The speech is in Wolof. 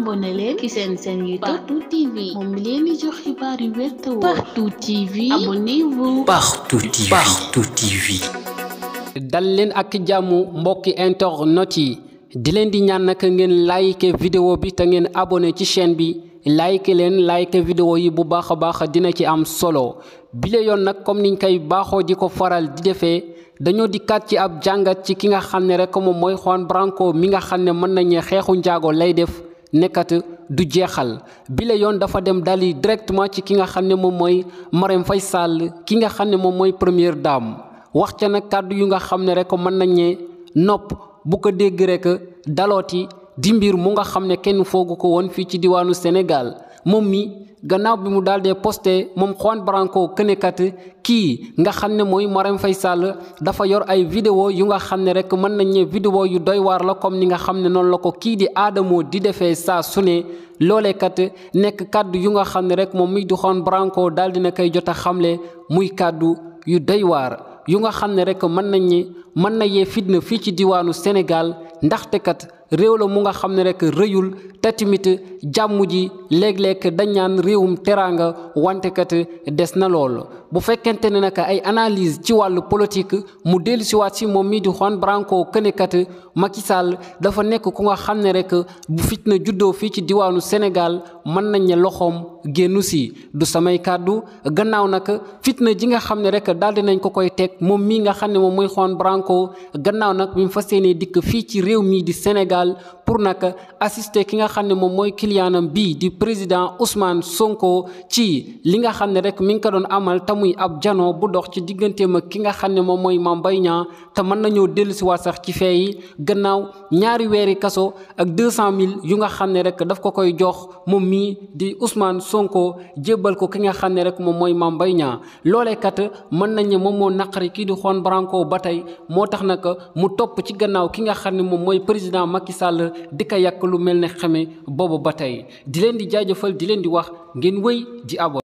abonné leen ci seen seen YouTube Partout TV dal leen ak jàmmu mbokki internet yi di leen di ñaan naka ngeen like vidéo bi te ngeen abonné ci chaîne bi like leen like vidéo yi bu baax a baax dina ci am solo bile yoon nag comme niñ koy baaxoo di ko faral di defee dañoo dikkaat ci ab jàngat ci ki nga xam ne rekk moom mooy Juan Branco mi nga xam ne mën nañu xeexu njaago lay def nekkat du jeexal bile yoon dafa dem yi directement ci ki nga xam ne moom mooy Marème fay sàll ki nga xam ne moom mooy première dame wax ca nag kàddu yu nga xam ne rek mën nañ ne nopp bu ko dégg rek dalooti di mbir mu nga xam ne kenn foogu ko woon fii ci diwaanu Sénégal moom mi gannaaw bi mu daal dee posté moom Juan Branco kënekat kii nga xam ne mooy Marème fay Sall dafa yor ay vidéo yu nga xam ne rek mën nañ ne vidéo yu doy waar la comme ni nga xam ne noonu la ko kii di Adamo di defee saa sune ne looleekat nekk kàddu yu nga xam ne rek moom muy di Juan daal dina koy jot a xamle muy kàddu yu doy yu nga xam ne rek mën nañ ne mën na yee fitna fii ci diwaanu Sénégal ndaxte kat réew la mu nga xam ne rek rëyul te jàmm ji léeg-léeg dañ naan réewum teraanga wantekat des na lool bu fekkente ne nag ay analyse ci wàllu politique mu dellu siwaat si moom mii di Juan Branco kënekat Macky Sall dafa nekk ku nga xam ne rek bu fitna juddoo fii ci diwaanu Sénégal mën nañ ne loxoom génn si du samay kàddu gannaaw nag fitna ji nga xam ne rek daal di nañ ko koy teg moom mii nga xam ne moom mooy Juan Branco gannaaw nag bi fa fas dikk fii ci réew mii di Sénégal daal pour nag assister ki nga xam ne moom mooy kiliyaanam bii di président Ousmane Sonko ci li nga xam ne rek mi ngi ko doon amal te muy ab jano bu dox ci digganteem ak ki nga xam ne moom mooy Mame Mbaye te mën nañoo dellusiwaat sax ci fee yi gannaaw ñaari weeri kaso ak 200000 yu nga xam ne rek daf ko koy jox moom mii di Ousmane Sonko jébbal ko ki nga xam ne rek moom mooy Mame Mbaye Niang kat mën nañ moom moo naqari kii di Juan Branco ba tey moo tax nag mu topp ci gannaaw ki nga xam ne moom mooy président Macky Macky Sall di ko yàq lu mel ne xamee boobu ba tey di leen di jaajëfal di leen di wax ngeen wéy di abonné